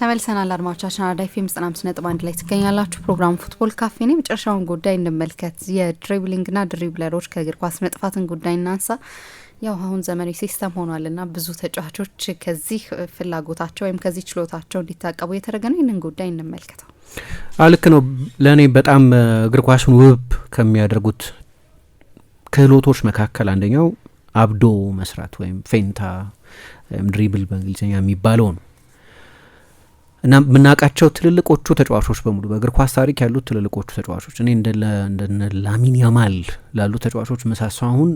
ተመልሰናል አድማጮቻችን፣ አራዳ ኤፍ ኤም ዘጠና አምስት ነጥብ አንድ ላይ ትገኛላችሁ። ፕሮግራሙ ፉትቦል ካፌ ነው። የመጨረሻውን ጉዳይ እንመልከት። የድሪብሊንግና ድሪብለሮች ከእግር ኳስ መጥፋትን ጉዳይ እናንሳ። ያው አሁን ዘመናዊ ሲስተም ሆኗልና ብዙ ተጫዋቾች ከዚህ ፍላጎታቸው ወይም ከዚህ ችሎታቸው እንዲታቀቡ እየተደረገ ነው። ይህንን ጉዳይ እንመልከተው። አልክ ነው። ለእኔ በጣም እግር ኳሱን ውብ ከሚያደርጉት ክህሎቶች መካከል አንደኛው አብዶ መስራት ወይም ፌንታ ድሪብል በእንግሊዝኛ የሚባለው ነው። እና የምናውቃቸው ትልልቆቹ ተጫዋቾች በሙሉ በእግር ኳስ ታሪክ ያሉት ትልልቆቹ ተጫዋቾች እኔ እንደ እንደነ ላሚን ያማል ላሉ ተጫዋቾች መሳሰ አሁን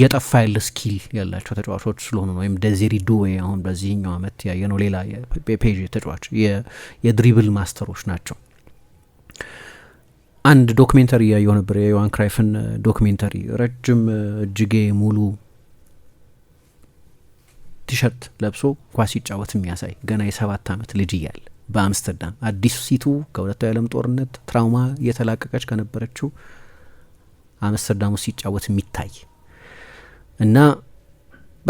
የጠፋ ያለ ስኪል ያላቸው ተጫዋቾች ስለሆኑ ነው። ወይም ደዚሪ ዱዌ አሁን በዚህኛው አመት ያየ ነው። ሌላ የፔጅ ተጫዋች የድሪብል ማስተሮች ናቸው። አንድ ዶክሜንተሪ እያየው ነበር፣ የዮሃን ክራይፍን ዶክሜንተሪ ረጅም እጅጌ ሙሉ ቲሸርት ለብሶ ኳስ ሲጫወት የሚያሳይ ገና የሰባት ዓመት ልጅ እያለ በአምስተርዳም አዲሱ ሲቱ ከሁለቱ የዓለም ጦርነት ትራውማ እየተላቀቀች ከነበረችው አምስተርዳም ውስጥ ሲጫወት የሚታይ እና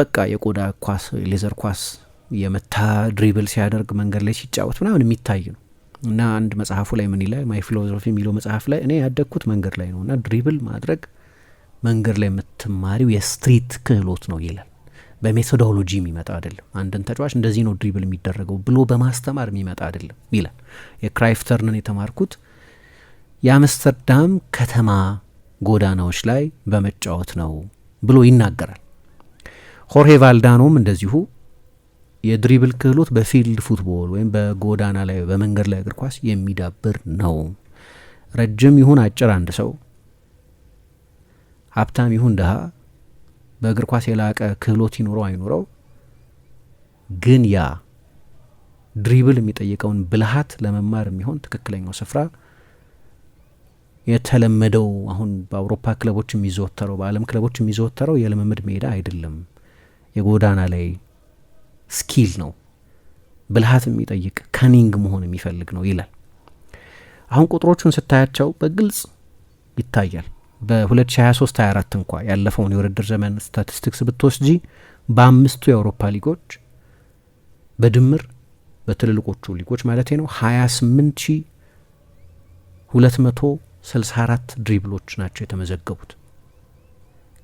በቃ የቆዳ ኳስ ሌዘር ኳስ የመታ ድሪብል ሲያደርግ መንገድ ላይ ሲጫወት ምናምን የሚታይ ነው እና አንድ መጽሐፉ ላይ ምን ይላል ማይ ፊሎሶፊ የሚለው መጽሐፍ ላይ እኔ ያደግኩት መንገድ ላይ ነው እና ድሪብል ማድረግ መንገድ ላይ የምትማሪው የስትሪት ክህሎት ነው ይላል በሜቶዶሎጂ የሚመጣ አይደለም። አንድን ተጫዋች እንደዚህ ነው ድሪብል የሚደረገው ብሎ በማስተማር የሚመጣ አይደለም ይላል። የክራይፍተርንን የተማርኩት የአምስተርዳም ከተማ ጎዳናዎች ላይ በመጫወት ነው ብሎ ይናገራል። ሆርሄ ቫልዳኖም እንደዚሁ የድሪብል ክህሎት በፊልድ ፉትቦል ወይም በጎዳና ላይ በመንገድ ላይ እግር ኳስ የሚዳብር ነው። ረጅም ይሁን አጭር አንድ ሰው ሀብታም ይሁን ድሃ በእግር ኳስ የላቀ ክህሎት ይኑረው አይኑረው፣ ግን ያ ድሪብል የሚጠይቀውን ብልሃት ለመማር የሚሆን ትክክለኛው ስፍራ የተለመደው አሁን በአውሮፓ ክለቦች የሚዘወተረው በዓለም ክለቦች የሚዘወተረው የልምምድ ሜዳ አይደለም። የጎዳና ላይ ስኪል ነው፣ ብልሃት የሚጠይቅ ከኒንግ መሆን የሚፈልግ ነው ይላል። አሁን ቁጥሮቹን ስታያቸው በግልጽ ይታያል። በ2023/24 እንኳ ያለፈውን የውድድር ዘመን ስታቲስቲክስ ብትወስጂ በአምስቱ የአውሮፓ ሊጎች በድምር በትልልቆቹ ሊጎች ማለት ነው 28264 ድሪብሎች ናቸው የተመዘገቡት።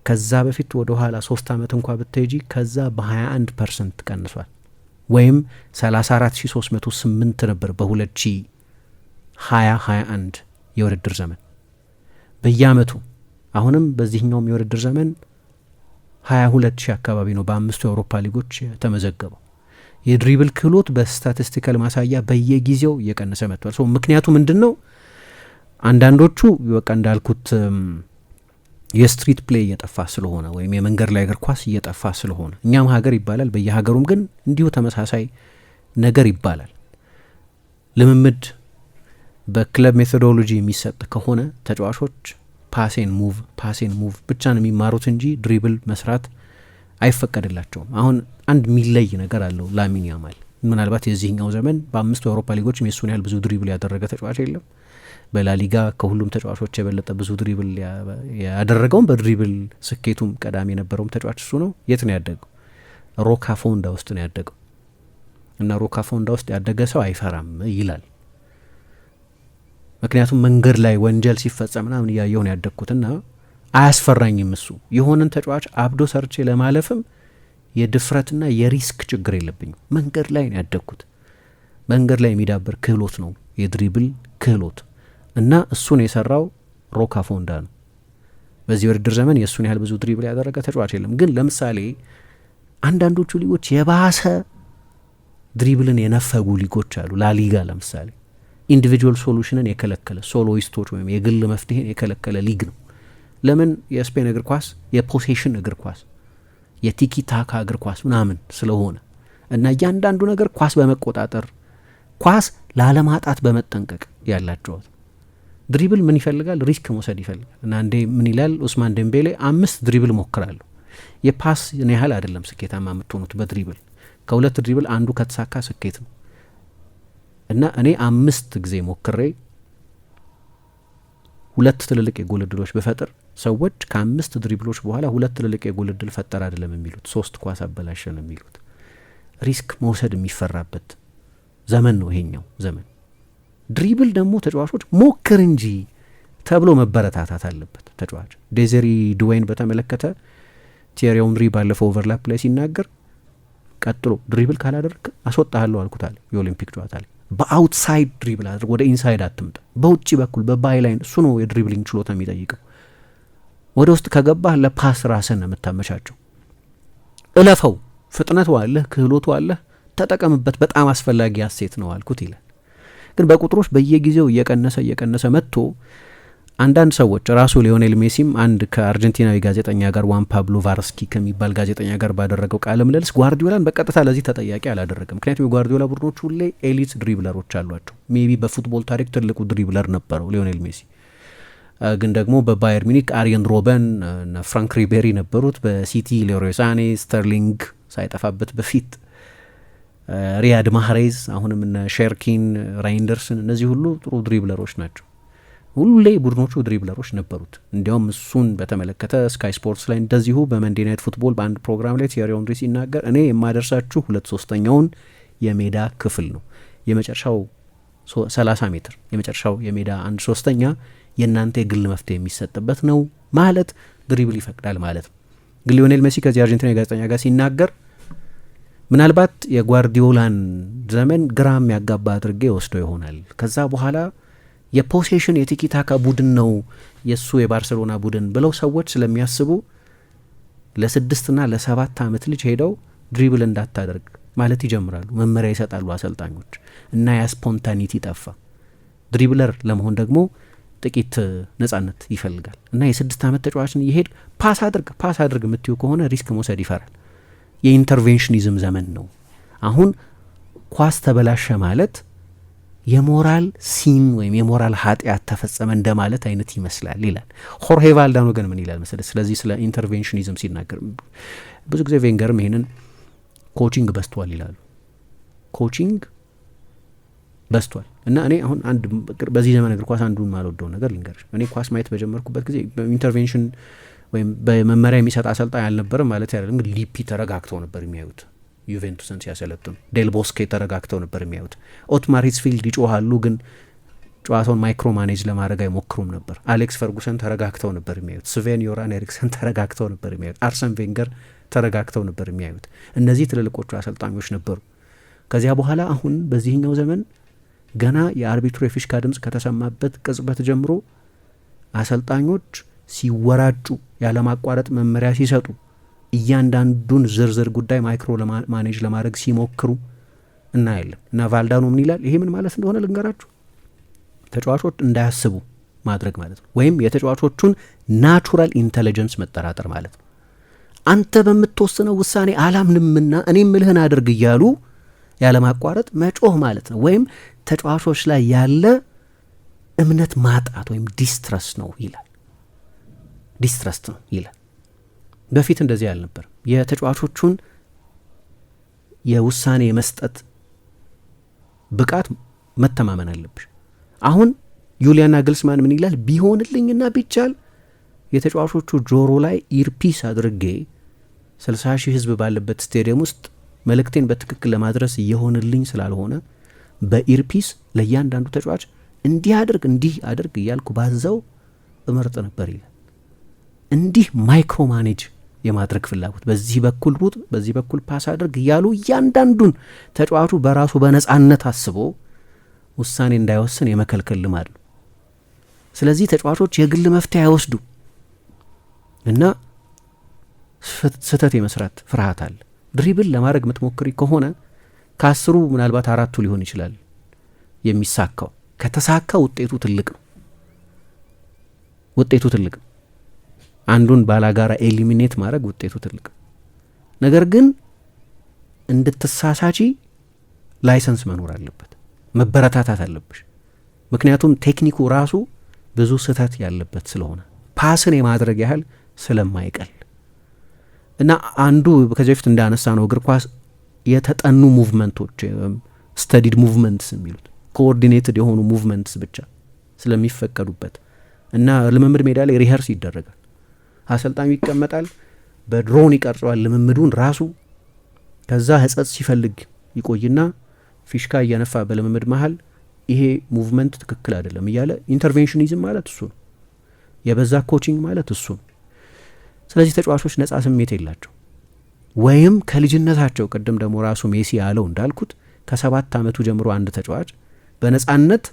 ከዛ በፊት ወደ ኋላ ሶስት ዓመት እንኳ ብትሄጂ ከዛ በ21 ፐርሰንት ቀንሷል። ወይም 34308 ነበር በ 2020 የውድድር ዘመን በየአመቱ አሁንም በዚህኛውም የውድድር ዘመን ሁለት ሺህ አካባቢ ነው በአምስቱ የአውሮፓ ሊጎች ተመዘገበው። የድሪብል ክህሎት በስታቲስቲካል ማሳያ በየጊዜው እየቀነሰ መጥቷል። ሶ ምክንያቱ ምንድን ነው? አንዳንዶቹ በቃ እንዳልኩት የስትሪት ፕሌይ እየጠፋ ስለሆነ ወይም የመንገድ ላይ እግር ኳስ እየጠፋ ስለሆነ እኛም ሀገር ይባላል፣ በየሀገሩም ግን እንዲሁ ተመሳሳይ ነገር ይባላል ልምምድ በክለብ ሜቶዶሎጂ የሚሰጥ ከሆነ ተጫዋቾች ፓሴን ሙቭ ፓሴን ሙቭ ብቻ ነው የሚማሩት እንጂ ድሪብል መስራት አይፈቀድላቸውም። አሁን አንድ የሚለይ ነገር አለው ላሚን ያማል። ምናልባት የዚህኛው ዘመን በአምስቱ የአውሮፓ ሊጎች የሱን ያህል ብዙ ድሪብል ያደረገ ተጫዋች የለም። በላሊጋ ከሁሉም ተጫዋቾች የበለጠ ብዙ ድሪብል ያደረገውም በድሪብል ስኬቱም ቀዳሚ የነበረውም ተጫዋች እሱ ነው። የት ነው ያደገው? ሮካ ፎንዳ ውስጥ ነው ያደገው እና ሮካ ፎንዳ ውስጥ ያደገ ሰው አይፈራም ይላል ምክንያቱም መንገድ ላይ ወንጀል ሲፈጸም ምናምን እያየሁ ነው ያደግኩትና አያስፈራኝም። እሱ የሆነን ተጫዋች አብዶ ሰርቼ ለማለፍም የድፍረትና የሪስክ ችግር የለብኝም። መንገድ ላይ ነው ያደግኩት። መንገድ ላይ የሚዳብር ክህሎት ነው የድሪብል ክህሎት እና እሱን የሰራው ሮካ ፎንዳ ነው። በዚህ ውድድር ዘመን የእሱን ያህል ብዙ ድሪብል ያደረገ ተጫዋች የለም። ግን ለምሳሌ አንዳንዶቹ ሊጎች የባሰ ድሪብልን የነፈጉ ሊጎች አሉ። ላሊጋ ለምሳሌ ኢንዲቪጁዋል ሶሉሽንን የከለከለ ሶሎይስቶች ወይም የግል መፍትሄን የከለከለ ሊግ ነው። ለምን? የስፔን እግር ኳስ የፖሴሽን እግር ኳስ የቲኪ ታካ እግር ኳስ ምናምን ስለሆነ እና እያንዳንዱ ነገር ኳስ በመቆጣጠር ኳስ ላለማጣት በመጠንቀቅ ያላቸውት ድሪብል ምን ይፈልጋል? ሪስክ መውሰድ ይፈልጋል። እና እንዴ ምን ይላል ኡስማን ደምቤሌ አምስት ድሪብል ሞክራለሁ። የፓስ ያህል አይደለም ስኬታማ የምትሆኑት በድሪብል ከሁለት ድሪብል አንዱ ከተሳካ ስኬት ነው። እና እኔ አምስት ጊዜ ሞክሬ ሁለት ትልልቅ የጎል እድሎች ብፈጥር ሰዎች ከአምስት ድሪብሎች በኋላ ሁለት ትልልቅ የጎል እድል ፈጠር አይደለም የሚሉት ሶስት ኳስ አበላሸ ነው የሚሉት። ሪስክ መውሰድ የሚፈራበት ዘመን ነው ይሄኛው ዘመን። ድሪብል ደግሞ ተጫዋቾች ሞክር እንጂ ተብሎ መበረታታት አለበት ተጫዋች። ዴዘሪ ድዌይን በተመለከተ ቲዬሪ ኦንሪ ባለፈው ኦቨርላፕ ላይ ሲናገር ቀጥሎ ድሪብል ካላደረግ አስወጣሃለሁ አልኩታል የኦሊምፒክ ጨዋታ ላይ በአውትሳይድ ድሪብል አድርግ፣ ወደ ኢንሳይድ አትምጣ። በውጭ በኩል በባይ ላይን እሱ ነው የድሪብሊንግ ችሎታ የሚጠይቀው። ወደ ውስጥ ከገባህ ለፓስ ራስን የምታመቻቸው። እለፈው፣ ፍጥነቱ አለህ፣ ክህሎቱ አለህ፣ ተጠቀምበት። በጣም አስፈላጊ አሴት ነው አልኩት ይላል። ግን በቁጥሮች በየጊዜው እየቀነሰ እየቀነሰ መጥቶ አንዳንድ ሰዎች ራሱ ሊዮኔል ሜሲም አንድ ከአርጀንቲናዊ ጋዜጠኛ ጋር ዋን ፓብሎ ቫርስኪ ከሚባል ጋዜጠኛ ጋር ባደረገው ቃለ ምልልስ ጓርዲዮላን በቀጥታ ለዚህ ተጠያቂ አላደረገም። ምክንያቱም የጓርዲዮላ ቡድኖች ሁሌ ኤሊት ድሪብለሮች አሏቸው። ሜቢ በፉትቦል ታሪክ ትልቁ ድሪብለር ነበረው ሊዮኔል ሜሲ። ግን ደግሞ በባየር ሚኒክ አርየን ሮበን፣ ፍራንክ ሪቤሪ ነበሩት። በሲቲ ሌሮይ ሳኔ፣ ስተርሊንግ ሳይጠፋበት በፊት ሪያድ ማህሬዝ፣ አሁንም እነ ሼርኪን፣ ራይንደርስን እነዚህ ሁሉ ጥሩ ድሪብለሮች ናቸው። ሁሌ ቡድኖቹ ድሪብለሮች ነበሩት። እንዲያውም እሱን በተመለከተ ስካይ ስፖርትስ ላይ እንደዚሁ በመንዴ ናይት ፉትቦል በአንድ ፕሮግራም ላይ ቲዬሪ ኦንሪ ሲናገር እኔ የማደርሳችሁ ሁለት ሶስተኛውን የሜዳ ክፍል ነው የመጨረሻው 30 ሜትር የመጨረሻው የሜዳ አንድ ሶስተኛ የእናንተ የግል መፍትሄ የሚሰጥበት ነው ማለት ድሪብል ይፈቅዳል ማለት ነው። ግን ሊዮኔል መሲ ከዚህ አርጀንቲና የጋዜጠኛ ጋር ሲናገር ምናልባት የጓርዲዮላን ዘመን ግራ የሚያጋባ አድርጌ ወስዶ ይሆናል ከዛ በኋላ የፖሴሽን የቲኪታካ ቡድን ነው የእሱ የባርሰሎና ቡድን ብለው ሰዎች ስለሚያስቡ ለስድስትና ለሰባት አመት ልጅ ሄደው ድሪብል እንዳታደርግ ማለት ይጀምራሉ። መመሪያ ይሰጣሉ አሰልጣኞች እና ያ ስፖንታኒቲ ጠፋ። ድሪብለር ለመሆን ደግሞ ጥቂት ነጻነት ይፈልጋል እና የስድስት ዓመት ተጫዋችን እየሄድ ፓስ አድርግ ፓስ አድርግ የምትዩ ከሆነ ሪስክ መውሰድ ይፈራል። የኢንተርቬንሽኒዝም ዘመን ነው አሁን። ኳስ ተበላሸ ማለት የሞራል ሲን ወይም የሞራል ኃጢአት ተፈጸመ እንደማለት አይነት ይመስላል ይላል። ሆርሄ ቫልዳኖ ግን ምን ይላል መሰለህ? ስለዚህ ስለ ኢንተርቬንሽኒዝም ሲናገር ብዙ ጊዜ ቬንገርም ይህንን ኮቺንግ በስቷል ይላሉ። ኮቺንግ በስቷል እና እኔ አሁን አንድ በዚህ ዘመን እግር ኳስ አንዱን ማልወደው ነገር ልንገርሽ። እኔ ኳስ ማየት በጀመርኩበት ጊዜ ኢንተርቬንሽን ወይም በመመሪያ የሚሰጥ አሰልጣኝ አልነበረም ማለት አይደለም፣ ግን ሊፒ ተረጋግተው ነበር የሚያዩት ዩቬንቱስን ሲያሰለጥኑ ዴል ቦስኬ ተረጋግተው ነበር የሚያዩት። ኦትማር ሂትስፊልድ ይጮሃሉ፣ ግን ጨዋታውን ማይክሮ ማኔጅ ለማድረግ አይሞክሩም ነበር። አሌክስ ፈርጉሰን ተረጋግተው ነበር የሚያዩት። ስቬን ዮራን ኤሪክሰን ተረጋግተው ነበር የሚያዩት። አርሰን ቬንገር ተረጋግተው ነበር የሚያዩት። እነዚህ ትልልቆቹ አሰልጣኞች ነበሩ። ከዚያ በኋላ አሁን በዚህኛው ዘመን ገና የአርቢትሩ የፊሽካ ድምፅ ከተሰማበት ቅጽበት ጀምሮ አሰልጣኞች ሲወራጩ ያለማቋረጥ መመሪያ ሲሰጡ እያንዳንዱን ዝርዝር ጉዳይ ማይክሮ ማኔጅ ለማድረግ ሲሞክሩ እናያለን እና ቫልዳኖ ምን ይላል? ይሄ ምን ማለት እንደሆነ ልንገራችሁ። ተጫዋቾች እንዳያስቡ ማድረግ ማለት ነው፣ ወይም የተጫዋቾቹን ናቹራል ኢንተለጀንስ መጠራጠር ማለት ነው። አንተ በምትወስነው ውሳኔ አላምንምና እኔ ምልህን አድርግ እያሉ ያለማቋረጥ መጮህ ማለት ነው። ወይም ተጫዋቾች ላይ ያለ እምነት ማጣት ወይም ዲስትረስ ነው ይላል። ዲስትረስት ነው ይላል። በፊት እንደዚህ አልነበር። የተጫዋቾቹን የውሳኔ መስጠት ብቃት መተማመን አለብሽ። አሁን ዩሊያና ግልስማን ምን ይላል? ቢሆንልኝና ቢቻል የተጫዋቾቹ ጆሮ ላይ ኢርፒስ አድርጌ ስልሳ ሺህ ህዝብ ባለበት ስቴዲየም ውስጥ መልእክቴን በትክክል ለማድረስ እየሆንልኝ ስላልሆነ በኢርፒስ ለእያንዳንዱ ተጫዋች እንዲህ አድርግ እንዲህ አድርግ እያልኩ ባዘው እመርጥ ነበር ይላል። እንዲህ ማይክሮ ማኔጅ የማድረግ ፍላጎት በዚህ በኩል ሩጥ፣ በዚህ በኩል ፓስ አድርግ እያሉ እያንዳንዱን ተጫዋቹ በራሱ በነጻነት አስቦ ውሳኔ እንዳይወስን የመከልከል ልማድ ነው። ስለዚህ ተጫዋቾች የግል መፍትሄ አይወስዱ እና ስህተት የመስራት ፍርሃት አለ። ድሪብል ለማድረግ የምትሞክሪ ከሆነ ከአስሩ ምናልባት አራቱ ሊሆን ይችላል የሚሳካው። ከተሳካ ውጤቱ ትልቅ ነው። ውጤቱ ትልቅ ነው። አንዱን ባላጋራ ኤሊሚኔት ማድረግ ውጤቱ ትልቅ ነገር ግን እንድትሳሳቺ ላይሰንስ መኖር አለበት፣ መበረታታት አለብሽ። ምክንያቱም ቴክኒኩ ራሱ ብዙ ስህተት ያለበት ስለሆነ ፓስን የማድረግ ያህል ስለማይቀል እና አንዱ ከዚህ በፊት እንዳነሳ ነው እግር ኳስ የተጠኑ ሙቭመንቶች ስተዲድ ሙቭመንትስ የሚሉት ኮኦርዲኔትድ የሆኑ ሙቭመንትስ ብቻ ስለሚፈቀዱበት እና ልምምድ ሜዳ ላይ ሪኸርስ ይደረጋል አሰልጣኙ ይቀመጣል፣ በድሮን ይቀርጸዋል ልምምዱን ራሱ። ከዛ ህጸጽ ሲፈልግ ይቆይና ፊሽካ እያነፋ በልምምድ መሀል ይሄ ሙቭመንት ትክክል አይደለም እያለ ኢንተርቬንሽኒዝም ማለት እሱ ነው። የበዛ ኮቺንግ ማለት እሱ ነው። ስለዚህ ተጫዋቾች ነጻ ስሜት የላቸው ወይም ከልጅነታቸው ቅድም ደግሞ ራሱ ሜሲ ያለው እንዳልኩት ከሰባት ዓመቱ ጀምሮ አንድ ተጫዋች በነጻነት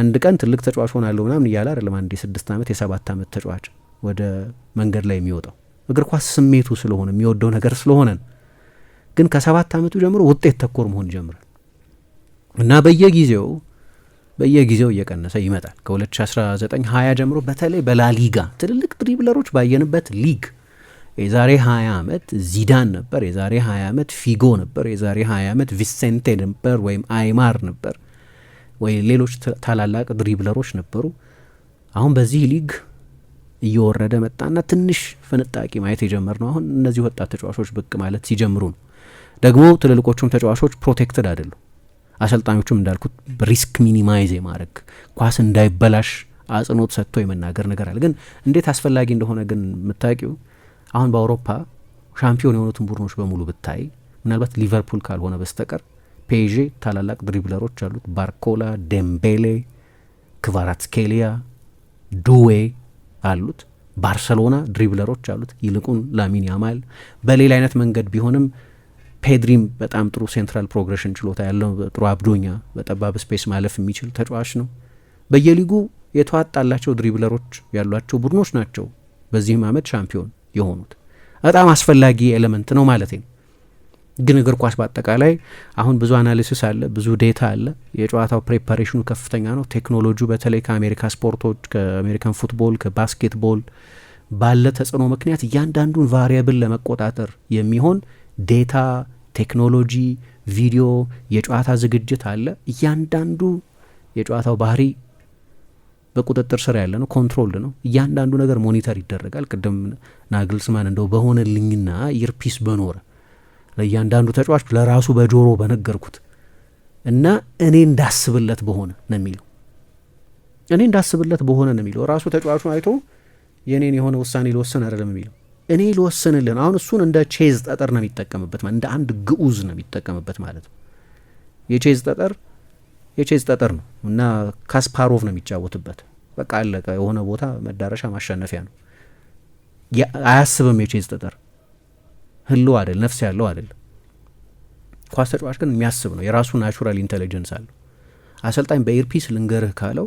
አንድ ቀን ትልቅ ተጫዋች ሆናለሁ ምናምን እያለ አይደለም አንድ የስድስት ዓመት የሰባት ዓመት ተጫዋች ወደ መንገድ ላይ የሚወጣው እግር ኳስ ስሜቱ ስለሆነ የሚወደው ነገር ስለሆነ ነው። ግን ከሰባት ዓመቱ ጀምሮ ውጤት ተኮር መሆን ይጀምራል እና በየጊዜው በየጊዜው እየቀነሰ ይመጣል። ከ2019 20 ጀምሮ በተለይ በላሊጋ ትልልቅ ድሪብለሮች ባየንበት ሊግ የዛሬ 20 ዓመት ዚዳን ነበር፣ የዛሬ 20 ዓመት ፊጎ ነበር፣ የዛሬ 20 ዓመት ቪሴንቴ ነበር ወይም አይማር ነበር ወይ ሌሎች ታላላቅ ድሪብለሮች ነበሩ። አሁን በዚህ ሊግ እየወረደ መጣና ትንሽ ፍንጣቂ ማየት የጀመር ነው። አሁን እነዚህ ወጣት ተጫዋቾች ብቅ ማለት ሲጀምሩ ነው። ደግሞ ትልልቆቹም ተጫዋቾች ፕሮቴክትድ አይደሉም። አሰልጣኞቹም እንዳልኩት ሪስክ ሚኒማይዝ የማድረግ ኳስ እንዳይበላሽ አጽንኦት ሰጥቶ የመናገር ነገር አለ። ግን እንዴት አስፈላጊ እንደሆነ ግን የምታውቂው አሁን በአውሮፓ ሻምፒዮን የሆኑትን ቡድኖች በሙሉ ብታይ ምናልባት ሊቨርፑል ካልሆነ በስተቀር ፔዤ ታላላቅ ድሪብለሮች አሉት። ባርኮላ፣ ዴምቤሌ፣ ክቫራትስኬሊያ፣ ዱዌ አሉት። ባርሰሎና ድሪብለሮች አሉት። ይልቁን ላሚን ያማል በሌላ አይነት መንገድ ቢሆንም ፔድሪም በጣም ጥሩ ሴንትራል ፕሮግሬሽን ችሎታ ያለው ጥሩ አብዶኛ፣ በጠባብ ስፔስ ማለፍ የሚችል ተጫዋች ነው። በየሊጉ የተዋጣላቸው ድሪብለሮች ያሏቸው ቡድኖች ናቸው በዚህም አመት ሻምፒዮን የሆኑት። በጣም አስፈላጊ ኤለመንት ነው ማለት ነው። ግን እግር ኳስ በአጠቃላይ አሁን ብዙ አናሊሲስ አለ፣ ብዙ ዴታ አለ። የጨዋታው ፕሬፓሬሽኑ ከፍተኛ ነው። ቴክኖሎጂው በተለይ ከአሜሪካ ስፖርቶች፣ ከአሜሪካን ፉትቦል፣ ከባስኬትቦል ባለ ተጽዕኖ ምክንያት እያንዳንዱን ቫሪየብል ለመቆጣጠር የሚሆን ዴታ፣ ቴክኖሎጂ፣ ቪዲዮ፣ የጨዋታ ዝግጅት አለ። እያንዳንዱ የጨዋታው ባህሪ በቁጥጥር ስር ያለ ነው። ኮንትሮል ነው። እያንዳንዱ ነገር ሞኒተር ይደረጋል። ቅድም ናግልስማን እንደው በሆነልኝና ኢርፒስ በኖረ ለእያንዳንዱ ተጫዋች ለራሱ በጆሮ በነገርኩት እና እኔ እንዳስብለት በሆነ ነው የሚለው እኔ እንዳስብለት በሆነ ነው የሚለው ራሱ ተጫዋቹ አይቶ የእኔን የሆነ ውሳኔ ልወስን አይደለም የሚለው እኔ ልወስንልን አሁን እሱን እንደ ቼዝ ጠጠር ነው የሚጠቀምበት እንደ አንድ ግዑዝ ነው የሚጠቀምበት ማለት ነው የቼዝ ጠጠር የቼዝ ጠጠር ነው እና ካስፓሮቭ ነው የሚጫወትበት በቃ አለቀ የሆነ ቦታ መዳረሻ ማሸነፊያ ነው አያስብም የቼዝ ጠጠር ህልው አይደል፣ ነፍስ ያለው አይደል። ኳስ ተጫዋች ግን የሚያስብ ነው። የራሱ ናቹራል ኢንቴሊጀንስ አለው። አሰልጣኝ በኤርፒስ ልንገርህ ካለው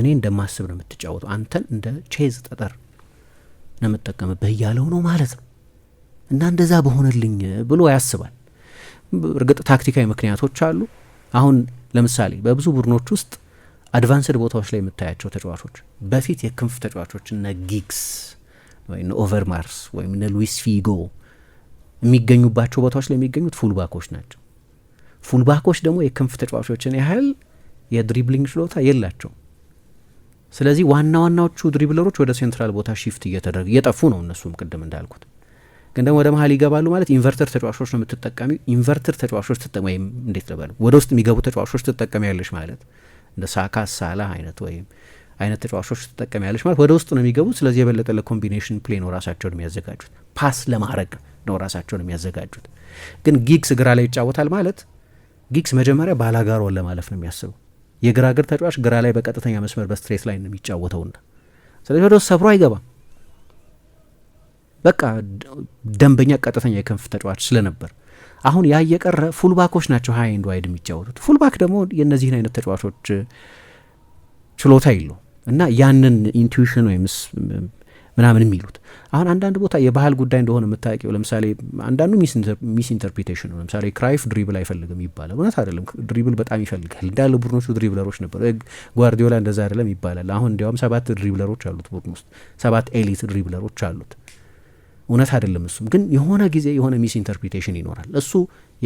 እኔ እንደማስብ ነው የምትጫወተው፣ አንተን እንደ ቼዝ ጠጠር ነው የምጠቀምብህ እያለው ነው ማለት ነው። እና እንደዛ በሆነልኝ ብሎ ያስባል። እርግጥ ታክቲካዊ ምክንያቶች አሉ። አሁን ለምሳሌ በብዙ ቡድኖች ውስጥ አድቫንስድ ቦታዎች ላይ የምታያቸው ተጫዋቾች በፊት የክንፍ ተጫዋቾች እነ ጊግስ ወይ ኦቨር ማርስ ወይም እነ ሉዊስ ፊጎ የሚገኙባቸው ቦታዎች ላይ የሚገኙት ፉልባኮች ናቸው። ፉልባኮች ደግሞ የክንፍ ተጫዋቾችን ያህል የድሪብሊንግ ችሎታ የላቸው። ስለዚህ ዋና ዋናዎቹ ድሪብለሮች ወደ ሴንትራል ቦታ ሺፍት እየተደረገ እየጠፉ ነው። እነሱም ቅድም እንዳልኩት ግን ደግሞ ወደ መሀል ይገባሉ ማለት ኢንቨርተር ተጫዋቾች ነው የምትጠቀሚ። ኢንቨርተር ተጫዋቾች ትጠቀሚ ወይም እንዴት ልበል፣ ወደ ውስጥ የሚገቡ ተጫዋቾች ትጠቀሚ ያለሽ ማለት እንደ ሳካ ሳላህ አይነት ወይም አይነት ተጫዋቾች ያለች ማለት ወደ ውስጥ ነው የሚገቡት። ስለዚህ የበለጠ ለኮምቢኔሽን ፕሌ ነው ራሳቸውን የሚያዘጋጁት፣ ፓስ ለማድረግ ነው ራሳቸውን የሚያዘጋጁት። ግን ጊግስ ግራ ላይ ይጫወታል ማለት ጊግስ መጀመሪያ ባላጋሮን ለማለፍ ነው የሚያስበው። የግራ እግር ተጫዋች ግራ ላይ በቀጥተኛ መስመር በስትሬት ላይ ነው የሚጫወተውና ስለዚህ ወደ ውስጥ ሰብሮ አይገባም። በቃ ደንበኛ ቀጥተኛ የክንፍ ተጫዋች ስለነበር አሁን ያ የቀረ ፉልባኮች ናቸው ሀይ ኤንድ ዋይድ የሚጫወቱት። ፉልባክ ደግሞ የእነዚህን አይነት ተጫዋቾች ችሎታ የለውም። እና ያንን ኢንቱዊሽን ወይም ምናምን የሚሉት አሁን አንዳንድ ቦታ የባህል ጉዳይ እንደሆነ የምታውቂው፣ ለምሳሌ አንዳንዱ ሚስ ኢንተርፕሬቴሽን ነው። ለምሳሌ ክራይፍ ድሪብል አይፈልግም ይባላል። እውነት አይደለም። ድሪብል በጣም ይፈልጋል። እንዳለ ቡድኖቹ ድሪብለሮች ነበሩ። ጓርዲዮላ እንደዛ አይደለም ይባላል። አሁን እንዲያውም ሰባት ድሪብለሮች አሉት ቡድን ውስጥ ሰባት ኤሊት ድሪብለሮች አሉት። እውነት አይደለም። እሱም ግን የሆነ ጊዜ የሆነ ሚስ ኢንተርፕሪቴሽን ይኖራል። እሱ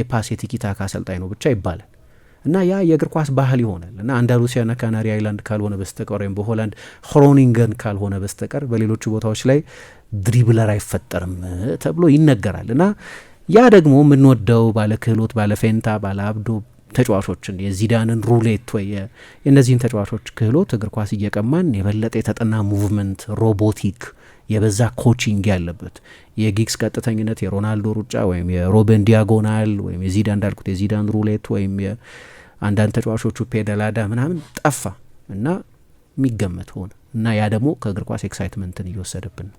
የፓስ የቲኪታካ አሰልጣኝ ነው ብቻ ይባላል። እና ያ የእግር ኳስ ባህል ይሆናል እና አንዳሉሲያና ካናሪ አይላንድ ካልሆነ በስተቀር ወይም በሆላንድ ክሮኒንገን ካልሆነ በስተቀር በሌሎቹ ቦታዎች ላይ ድሪብለር አይፈጠርም ተብሎ ይነገራል እና ያ ደግሞ የምንወደው ባለ ክህሎት፣ ባለ ፌንታ፣ ባለ አብዶ ተጫዋቾችን የዚዳንን ሩሌት ወይ የእነዚህን ተጫዋቾች ክህሎት እግር ኳስ እየቀማን የበለጠ የተጠና ሙቭመንት ሮቦቲክ የበዛ ኮቺንግ ያለበት የጊግስ ቀጥተኝነት የሮናልዶ ሩጫ ወይም የሮበን ዲያጎናል ወይም የዚዳን እንዳልኩት የዚዳን ሩሌት ወይም አንዳንድ ተጫዋቾቹ ፔደላዳ ምናምን ጠፋ እና የሚገመት ሆነ እና ያ ደግሞ ከእግር ኳስ ኤክሳይትመንትን እየወሰደብን ነው።